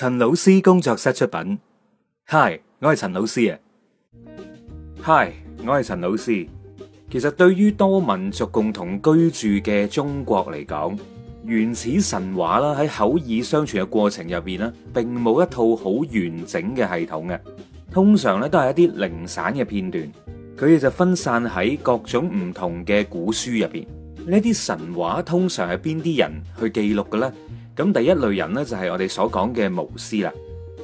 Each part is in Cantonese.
陳老師工作室出品。Hi，我係陳老師啊。Hi，我係陳老師。其實對於多民族共同居住嘅中國嚟講，原始神話啦，喺口耳相傳嘅過程入邊呢，並冇一套好完整嘅系統嘅。通常呢都係一啲零散嘅片段，佢哋就分散喺各種唔同嘅古書入邊。呢啲神話通常係邊啲人去記錄嘅咧？咁第一類人呢就係我哋所講嘅巫師啦，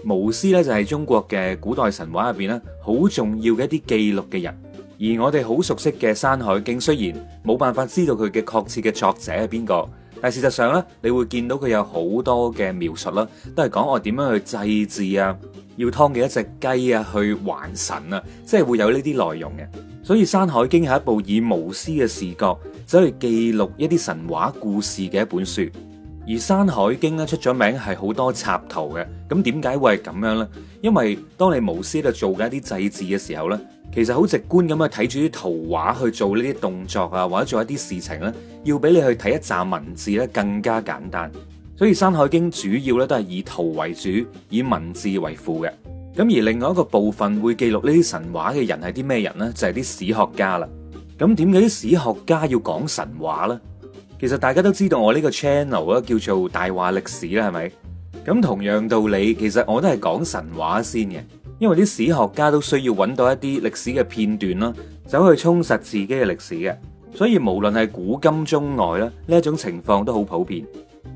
巫師呢就係中國嘅古代神話入邊咧好重要嘅一啲記錄嘅人，而我哋好熟悉嘅《山海經》，雖然冇辦法知道佢嘅確切嘅作者係邊個，但係事實上呢你會見到佢有好多嘅描述啦，都係講我點樣去祭祀啊，要劏嘅一隻雞啊去還神啊，即係會有呢啲內容嘅。所以《山海經》係一部以巫師嘅視角走去記錄一啲神話故事嘅一本書。而《山海經》咧出咗名係好多插圖嘅，咁點解會係咁樣呢？因為當你巫師喺度做緊一啲祭祀嘅時候呢，其實好直觀咁去睇住啲圖畫去做呢啲動作啊，或者做一啲事情呢，要比你去睇一堆文字呢更加簡單。所以《山海經》主要呢都係以圖為主，以文字為輔嘅。咁而另外一個部分會記錄呢啲神話嘅人係啲咩人呢？就係、是、啲史學家啦。咁點解啲史學家要講神話呢？其實大家都知道我呢個 channel 呢叫做大話歷史啦，係咪？咁同樣道理，其實我都係講神話先嘅，因為啲史學家都需要揾到一啲歷史嘅片段啦，走去充實自己嘅歷史嘅。所以無論係古今中外啦，呢一種情況都好普遍。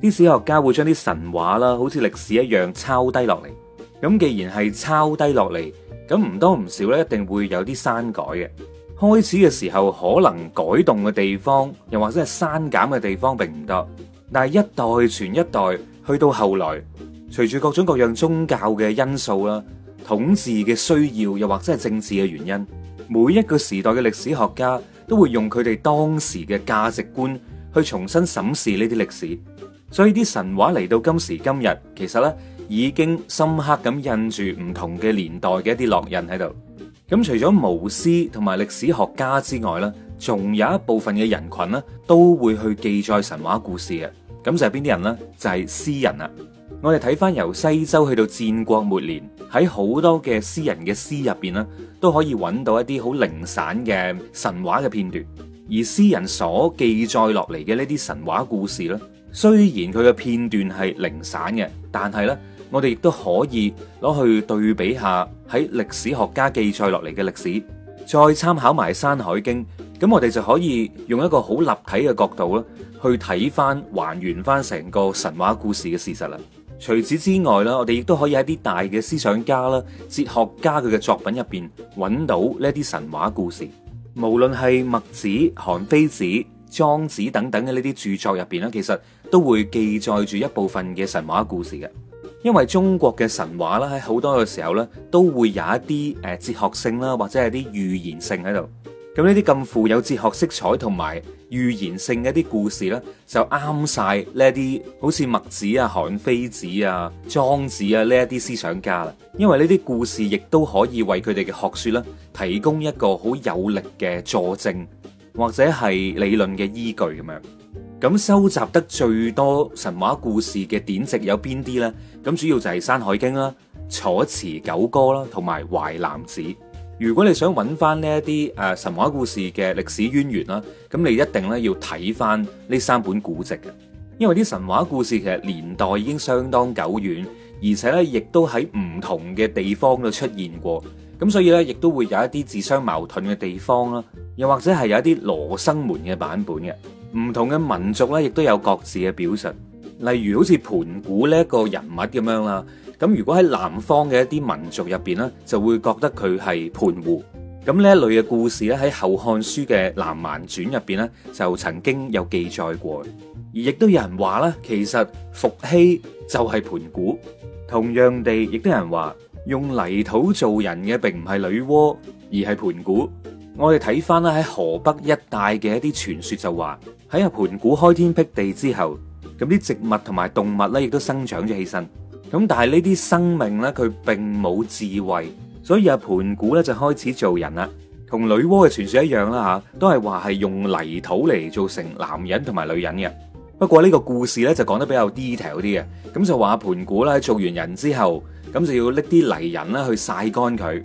啲史學家會將啲神話啦，好似歷史一樣抄低落嚟。咁既然係抄低落嚟，咁唔多唔少呢，一定會有啲刪改嘅。開始嘅時候可能改動嘅地方，又或者係刪減嘅地方並唔多，但係一代傳一代，去到後來，隨住各種各樣宗教嘅因素啦、統治嘅需要，又或者係政治嘅原因，每一個時代嘅歷史學家都會用佢哋當時嘅價值觀去重新審視呢啲歷史，所以啲神話嚟到今時今日，其實呢已經深刻咁印住唔同嘅年代嘅一啲烙印喺度。咁除咗巫師同埋歷史學家之外咧，仲有一部分嘅人群咧，都會去記載神話故事嘅。咁就係邊啲人呢？就係詩人啦。我哋睇翻由西周去到戰國末年，喺好多嘅詩人嘅詩入邊咧，都可以揾到一啲好零散嘅神話嘅片段。而詩人所記載落嚟嘅呢啲神話故事咧，雖然佢嘅片段係零散嘅，但係咧。我哋亦都可以攞去對比下喺歷史學家記載落嚟嘅歷史，再參考埋《山海經》，咁我哋就可以用一個好立體嘅角度啦，去睇翻、還原翻成個神話故事嘅事實啦。除此之外啦，我哋亦都可以喺啲大嘅思想家啦、哲學家佢嘅作品入面揾到呢啲神話故事。無論係墨子、韓非子、莊子等等嘅呢啲著作入面啦，其實都會記載住一部分嘅神話故事嘅。因為中國嘅神話啦，喺好多嘅時候咧，都會有一啲誒哲學性啦，或者係啲預言性喺度。咁呢啲咁富有哲學色彩同埋預言性嘅一啲故事咧，就啱晒呢一啲好似墨子啊、韓非子啊、莊子啊呢一啲思想家啦。因為呢啲故事亦都可以為佢哋嘅學說咧提供一個好有力嘅佐證，或者係理論嘅依據咁樣。咁收集得最多神話故事嘅典籍有邊啲呢？咁主要就係《山海經》啦，《楚辭九歌》啦，同埋《淮南子》。如果你想揾翻呢一啲誒神話故事嘅歷史淵源啦，咁你一定咧要睇翻呢三本古籍。因為啲神話故事其實年代已經相當久遠，而且咧亦都喺唔同嘅地方度出現過。咁所以咧，亦都會有一啲自相矛盾嘅地方啦，又或者係有一啲羅生門嘅版本嘅。唔同嘅民族咧，亦都有各自嘅表述。例如好似盤古呢一個人物咁樣啦，咁如果喺南方嘅一啲民族入邊咧，就會覺得佢係盤瓠。咁呢一類嘅故事咧，喺《後漢書》嘅《南蠻傳》入邊咧，就曾經有記載過。而亦都有人話咧，其實伏羲就係盤古。同樣地，亦都有人話用泥土做人嘅，並唔係女媧，而係盤古。我哋睇翻咧，喺河北一帶嘅一啲傳說就話，喺阿盤古開天闢地之後，咁啲植物同埋動物咧亦都生長咗起身。咁但係呢啲生命咧，佢並冇智慧，所以阿盤古咧就開始做人啦。同女媧嘅傳說一樣啦吓，都係話係用泥土嚟做成男人同埋女人嘅。不過呢個故事咧就講得比較 detail 啲嘅，咁就話阿盤古咧做完人之後，咁就要拎啲泥人啦，去曬乾佢。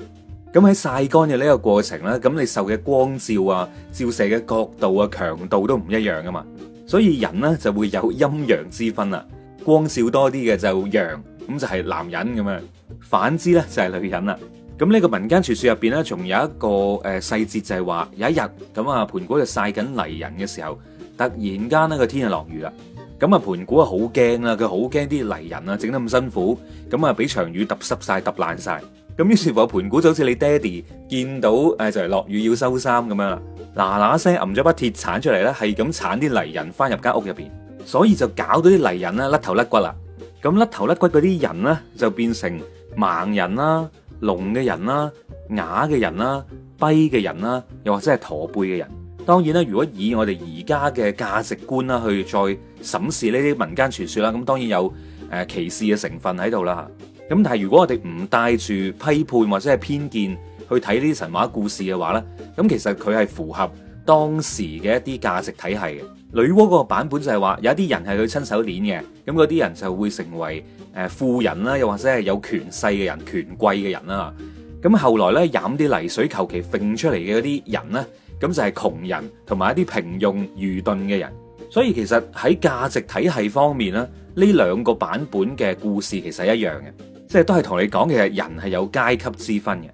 咁喺晒乾嘅呢個過程咧，咁你受嘅光照啊，照射嘅角度啊，強度都唔一樣噶嘛，所以人咧就會有陰陽之分啦。光照多啲嘅就陽，咁就係男人咁樣；反之咧就係、是、女人啦。咁呢個民間傳說入邊咧，仲有一個誒、呃、細節就係話，有一日咁啊盤古就晒緊泥人嘅時候，突然間呢個天就落雨啦。咁啊盤古啊好驚啊，佢好驚啲泥人啊整得咁辛苦，咁啊俾場雨揼濕晒揼爛晒。咁於是乎，盤古就好似你爹哋見到，誒就係落雨要收衫咁樣啦，嗱嗱聲揞咗把鐵鏟出嚟咧，係咁鏟啲泥人翻入間屋入面，所以就搞到啲泥人咧甩頭甩骨啦。咁甩頭甩骨嗰啲人咧，就變成盲人啦、聾嘅人啦、啞嘅人啦、跛嘅人啦，又或者係駝背嘅人。當然啦，如果以我哋而家嘅價值觀啦，去再審視呢啲民間傳說啦，咁當然有誒歧視嘅成分喺度啦。咁但係，如果我哋唔帶住批判或者係偏見去睇呢啲神話故事嘅話呢，咁其實佢係符合當時嘅一啲價值體系嘅。女巫嗰個版本就係話有啲人係佢親手攣嘅，咁嗰啲人就會成為富人啦，又或者係有權勢嘅人、權貴嘅人啦。咁後來呢，飲啲泥水求其揈出嚟嘅嗰啲人呢，咁就係窮人同埋一啲平庸愚鈍嘅人。所以其實喺價值體系方面呢，呢兩個版本嘅故事其實一樣嘅。即係都係同你講，嘅人係有階級之分嘅，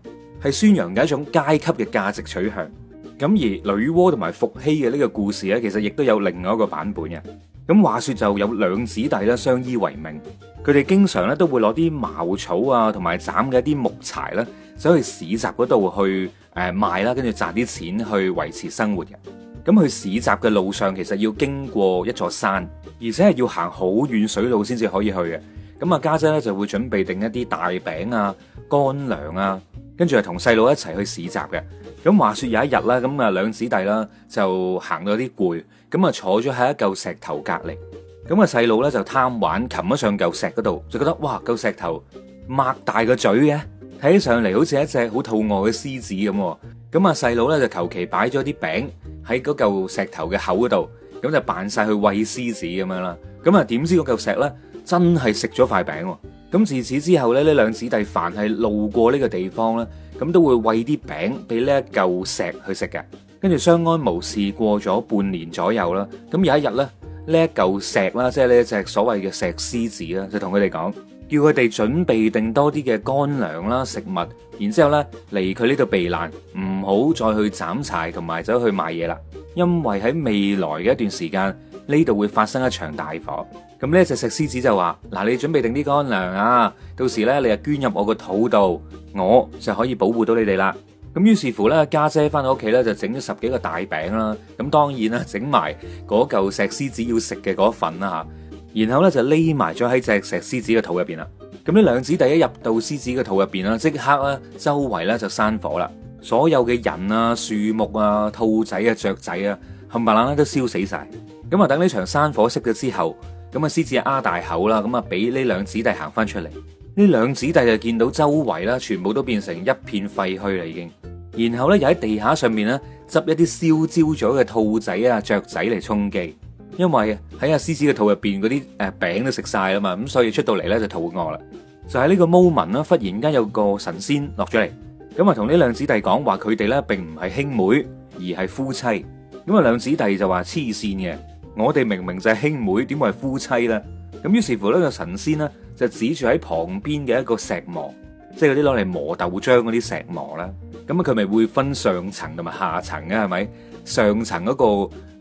係宣揚嘅一種階級嘅價值取向。咁而女媧同埋伏羲嘅呢個故事呢，其實亦都有另外一個版本嘅。咁話說就有兩姊弟咧，相依為命。佢哋經常咧都會攞啲茅草啊，同埋斬嘅一啲木柴啦，走去，去市集嗰度去誒賣啦，跟住賺啲錢去維持生活嘅。咁去市集嘅路上，其實要經過一座山，而且係要行好遠水路先至可以去嘅。咁啊，家姐咧就會準備定一啲大餅啊、乾糧啊，跟住係同細佬一齊去市集嘅。咁話說有一日啦，咁啊兩子弟啦，就行到有啲攰，咁啊坐咗喺一嚿石頭隔離。咁啊細佬咧就貪玩，擒咗上嚿石嗰度，就覺得哇嚿石頭擘大個嘴嘅，睇起上嚟好似一隻好肚餓嘅獅子咁。咁啊細佬咧就求其擺咗啲餅喺嗰嚿石頭嘅口嗰度，咁就扮晒去餵獅子咁樣啦。咁啊點知嗰嚿石咧？真係食咗塊餅，咁自此之後咧，呢兩子弟凡係路過呢個地方啦，咁都會餵啲餅俾呢一嚿石去食嘅。跟住相安無事過咗半年左右啦，咁有一日呢，呢一嚿石啦，即係呢一隻所謂嘅石獅子啦，就同佢哋講，叫佢哋準備定多啲嘅乾糧啦、食物，然之後呢嚟佢呢度避難，唔好再去斬柴同埋走去賣嘢啦，因為喺未來嘅一段時間，呢度會發生一場大火。咁呢一隻石獅子就話嗱，你準備定啲乾糧啊，到時呢，你啊捐入我個肚度，我就可以保護到你哋啦。咁於是乎呢，姐姐家姐翻到屋企呢，就整咗十幾個大餅啦。咁當然啦，整埋嗰嚿石獅子要食嘅嗰份啦吓，然後呢，就匿埋咗喺隻石獅子嘅肚入邊啦。咁呢兩子第一入到獅子嘅肚入邊啦，即刻呢，周圍呢就生火啦，所有嘅人啊、樹木啊、兔仔啊、雀仔啊，冚唪唥都燒死晒。咁啊，等呢場山火熄咗之後。咁啊！獅子啊大口啦，咁啊俾呢兩姊弟行翻出嚟。呢兩姊弟就見到周圍啦，全部都變成一片廢墟啦，已經。然後咧又喺地下上面咧執一啲燒焦咗嘅兔仔啊、雀仔嚟充飢，因為喺阿獅子嘅肚入面嗰啲誒餅都食晒啦嘛，咁所以出到嚟咧就肚餓啦。就喺、是、呢個 moment 啦，忽然間有個神仙落咗嚟，咁啊同呢兩姊弟講話，佢哋咧並唔係兄妹，而係夫妻。咁啊兩姊弟就話黐線嘅。我哋明明就係兄妹，點會係夫妻咧？咁於是乎呢個神仙咧就指住喺旁邊嘅一個石磨，即係嗰啲攞嚟磨豆漿嗰啲石磨啦。咁啊，佢咪會分上層同埋下層嘅係咪？上層嗰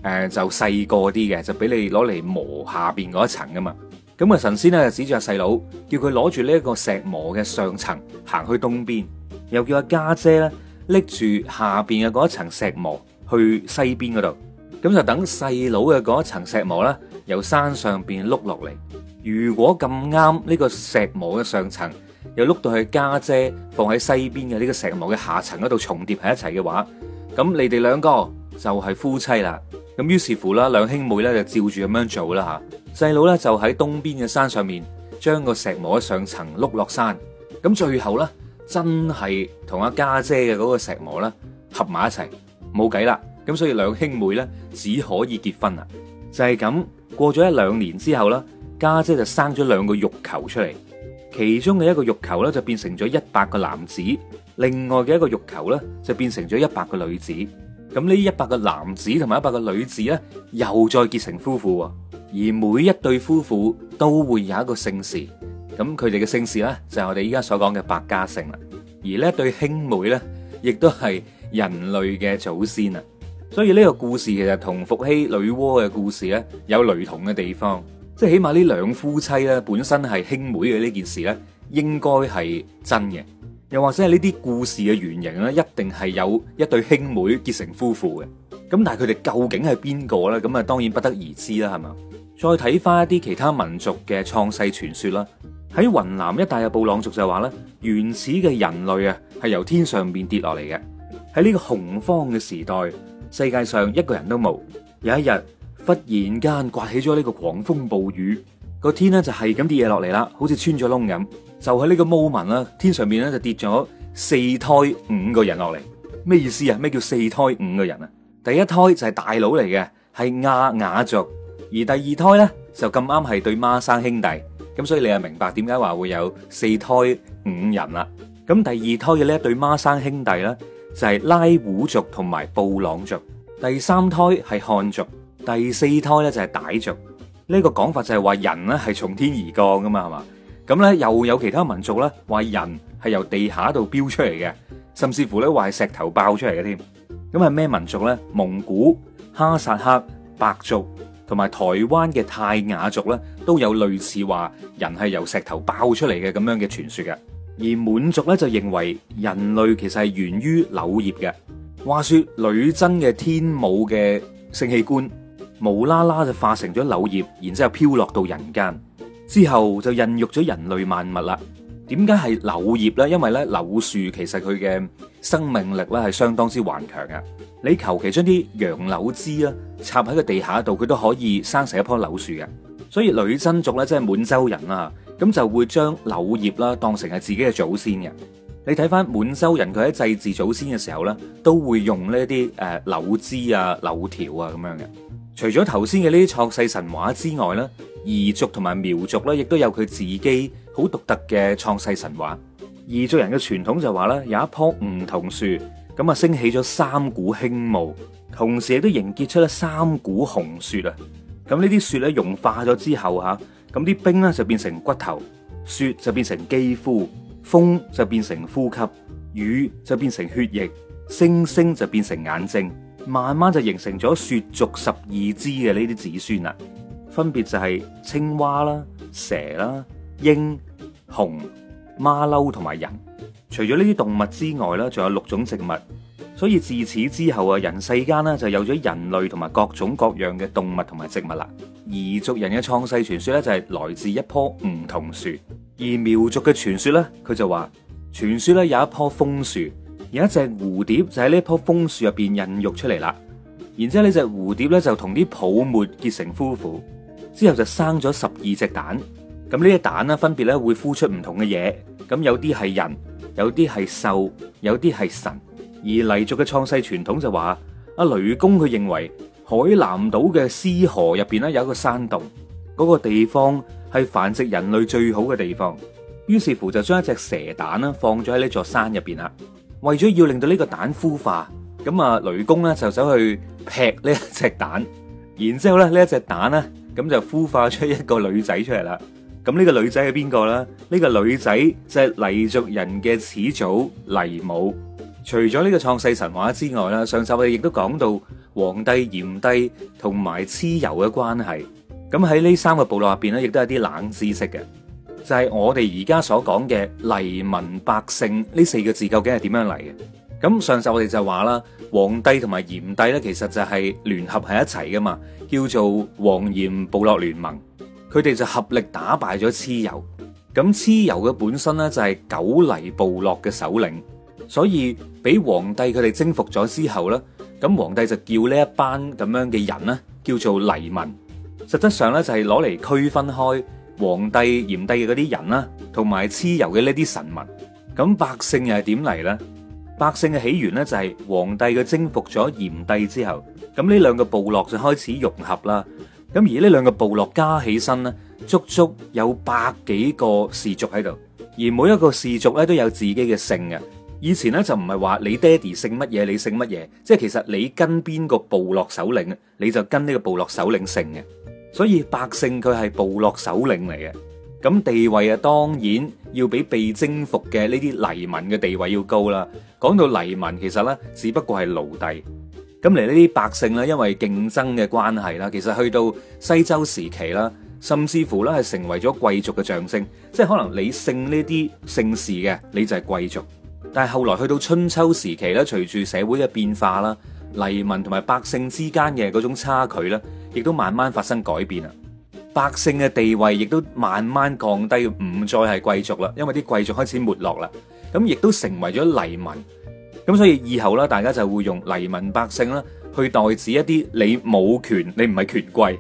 個誒就細個啲嘅，就俾你攞嚟磨下邊嗰一層噶嘛。咁啊，神仙咧就指住阿細佬，叫佢攞住呢一個石磨嘅上層行去東邊，又叫阿家姐咧拎住下邊嘅嗰一層石磨去西邊嗰度。咁就等細佬嘅嗰一層石磨咧，由山上邊碌落嚟。如果咁啱呢個石磨嘅上層又碌到去家姐放喺西邊嘅呢個石磨嘅下層嗰度重疊喺一齊嘅話，咁你哋兩個就係夫妻啦。咁於是乎啦，兩兄妹咧就照住咁樣做啦吓。細佬咧就喺東邊嘅山上面將個石磨嘅上層碌落山。咁最後咧真係同阿家姐嘅嗰個石磨咧合埋一齊，冇計啦。咁所以兩兄妹咧只可以結婚啊，就係咁過咗一兩年之後啦，家姐，姐就生咗兩個肉球出嚟，其中嘅一個肉球咧就變成咗一百個男子，另外嘅一個肉球咧就變成咗一百個女子。咁呢一百個男子同埋一百個女子咧，又再結成夫婦，而每一對夫婦都會有一個姓氏。咁佢哋嘅姓氏咧就係我哋依家所講嘅百家姓啦。而呢對兄妹咧，亦都係人類嘅祖先啊。所以呢個故事其實同伏羲女媧嘅故事呢，有雷同嘅地方，即係起碼呢兩夫妻呢，本身係兄妹嘅呢件事呢，應該係真嘅，又或者係呢啲故事嘅原型呢，一定係有一對兄妹結成夫婦嘅。咁但係佢哋究竟係邊個呢？咁啊當然不得而知啦，係嘛？再睇翻一啲其他民族嘅創世傳說啦，喺雲南一帶嘅布朗族就話呢，原始嘅人類啊係由天上邊跌落嚟嘅，喺呢個洪荒嘅時代。世界上一個人都冇，有一日忽然間颳起咗呢個狂風暴雨，個天咧就係咁跌嘢落嚟啦，好似穿咗窿咁。就喺呢個 moment 啦，天上面咧就跌咗四胎五個人落嚟。咩意思啊？咩叫四胎五個人啊？第一胎就係大佬嚟嘅，係亞雅、雅族；而第二胎咧就咁啱係對孖生兄弟。咁所以你就明白點解話會有四胎五人啦？咁第二胎嘅呢一對孖生兄弟咧。就係拉祜族同埋布朗族，第三胎係漢族，第四胎咧就係傣族。呢個講法就係話人咧係從天而降噶嘛，係嘛？咁咧又有其他民族咧話人係由地下度飆出嚟嘅，甚至乎咧話係石頭爆出嚟嘅添。咁係咩民族咧？蒙古、哈薩克、白族同埋台灣嘅泰雅族咧都有類似話人係由石頭爆出嚟嘅咁樣嘅傳說嘅。而滿族咧就認為人類其實係源於柳葉嘅。話說女真嘅天母嘅性器官無啦啦就化成咗柳葉，然之後飄落到人間之後就孕育咗人類萬物啦。點解係柳葉咧？因為咧柳樹其實佢嘅生命力咧係相當之頑強嘅。你求其將啲楊柳枝插喺個地下度，佢都可以生成一棵柳樹嘅。所以女真族咧即係滿洲人啊。咁就會將柳葉啦當成係自己嘅祖先嘅。你睇翻滿洲人，佢喺祭祀祖先嘅時候呢，都會用呢啲柳枝啊、柳條啊咁樣嘅。除咗頭先嘅呢啲創世神話之外呢，彝族同埋苗族呢亦都有佢自己好獨特嘅創世神話。彝族人嘅傳統就話呢，有一棵梧桐樹，咁啊升起咗三股輕霧，同時亦都凝結出咗三股紅雪啊。咁呢啲雪呢，融化咗之後、啊咁啲冰咧就變成骨頭，雪就變成肌膚，風就變成呼吸，雨就變成血液，星星就變成眼睛，慢慢就形成咗雪族十二支嘅呢啲子孫啦，分別就係青蛙啦、蛇啦、鷹、熊、馬騮同埋人。除咗呢啲動物之外啦，仲有六種植物。所以自此之後啊，人世間咧就有咗人類同埋各種各樣嘅動物同埋植物啦。彝族人嘅創世傳說咧就係來自一棵梧桐樹，而苗族嘅傳說咧，佢就話傳說咧有一棵楓樹，有一隻蝴蝶就喺呢一棵楓樹入邊孕育出嚟啦。然之後呢隻蝴蝶咧就同啲泡沫結成夫婦，之後就生咗十二隻蛋。咁呢啲蛋呢分別咧會孵出唔同嘅嘢，咁有啲係人，有啲係獸，有啲係神。而黎族嘅創世傳統就話，阿雷公佢認為海南島嘅思河入邊咧有一個山洞，嗰個地方係繁殖人類最好嘅地方。於是乎就將一隻蛇蛋咧放咗喺呢座山入邊啦。為咗要令到呢個蛋孵化，咁啊雷公咧就走去劈呢一隻蛋，然之後咧呢一隻蛋咧咁就孵化出一個女仔出嚟啦。咁呢個女仔係邊個咧？呢個女仔就係黎族人嘅始祖黎母。除咗呢個創世神話之外啦，上集我哋亦都講到黃帝炎帝同埋蚩尤嘅關係。咁喺呢三個部落入邊咧，亦都有啲冷知識嘅，就係我哋而家所講嘅黎民百姓呢四個字究竟係點樣嚟嘅？咁上集我哋就話啦，黃帝同埋炎帝咧，其實就係聯合喺一齊噶嘛，叫做黃炎部落聯盟，佢哋就合力打敗咗蚩尤。咁蚩尤嘅本身咧就係九黎部落嘅首領，所以，俾皇帝佢哋征服咗之後呢，咁皇帝就叫呢一班咁樣嘅人呢，叫做黎民。實質上呢，就係攞嚟區分開皇帝炎帝嘅嗰啲人啦，同埋蚩尤嘅呢啲神民。咁百姓又係點嚟呢？百姓嘅起源呢，就係皇帝嘅征服咗炎帝之後，咁呢兩個部落就開始融合啦。咁而呢兩個部落加起身呢，足足有百幾個氏族喺度，而每一個氏族呢，都有自己嘅姓嘅。以前咧就唔係話你爹哋姓乜嘢，你姓乜嘢，即係其實你跟邊個部落首領，你就跟呢個部落首領姓嘅。所以百姓佢係部落首領嚟嘅，咁地位啊，當然要比被征服嘅呢啲黎民嘅地位要高啦。講到黎民，其實咧，只不過係奴隸。咁嚟呢啲百姓咧，因為競爭嘅關係啦，其實去到西周時期啦，甚至乎咧係成為咗貴族嘅象徵，即係可能你姓呢啲姓氏嘅，你就係貴族。但係後來去到春秋時期咧，隨住社會嘅變化啦，黎民同埋百姓之間嘅嗰種差距咧，亦都慢慢發生改變啦！百姓嘅地位亦都慢慢降低，唔再係貴族啦，因為啲貴族開始沒落啦，咁亦都成為咗黎民。咁所以以後啦，大家就會用黎民百姓啦，去代指一啲你冇權，你唔係權貴，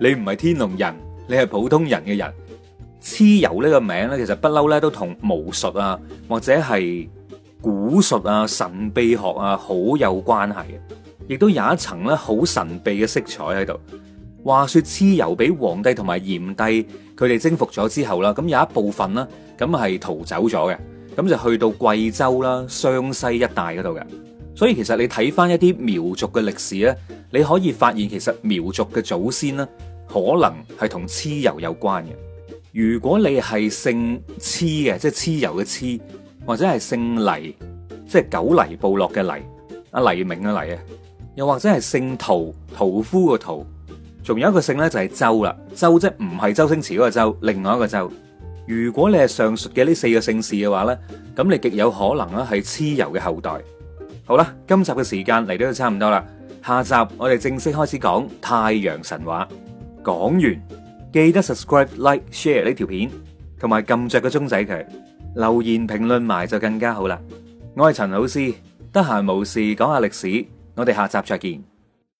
你唔係天龍人，你係普通人嘅人。蚩尤呢個名呢，其實不嬲呢都同巫術啊，或者係古術啊、神秘學啊，好有關係，亦都有一層咧好神秘嘅色彩喺度。話說蚩尤俾黃帝同埋炎帝佢哋征服咗之後啦，咁有一部分啦，咁係逃走咗嘅，咁就去到貴州啦、湘西一帶嗰度嘅。所以其實你睇翻一啲苗族嘅歷史呢，你可以發現其實苗族嘅祖先呢，可能係同蚩尤有關嘅。如果你係姓蚩嘅，即係蚩尤嘅蚩，或者係姓黎，即係九黎部落嘅黎，啊，黎明嘅黎啊，又或者係姓屠，屠夫嘅屠，仲有一個姓咧就係周啦，周即唔係周星馳嗰個周，另外一個周。如果你係上述嘅呢四個姓氏嘅話咧，咁你極有可能咧係蚩尤嘅後代。好啦，今集嘅時間嚟到差唔多啦，下集我哋正式開始講太陽神話。講完。記得 subscribe、like、share 呢條片，同埋撳着個鐘仔佢，留言評論埋就更加好啦！我係陳老師，得閒無事講下歷史，我哋下集再見。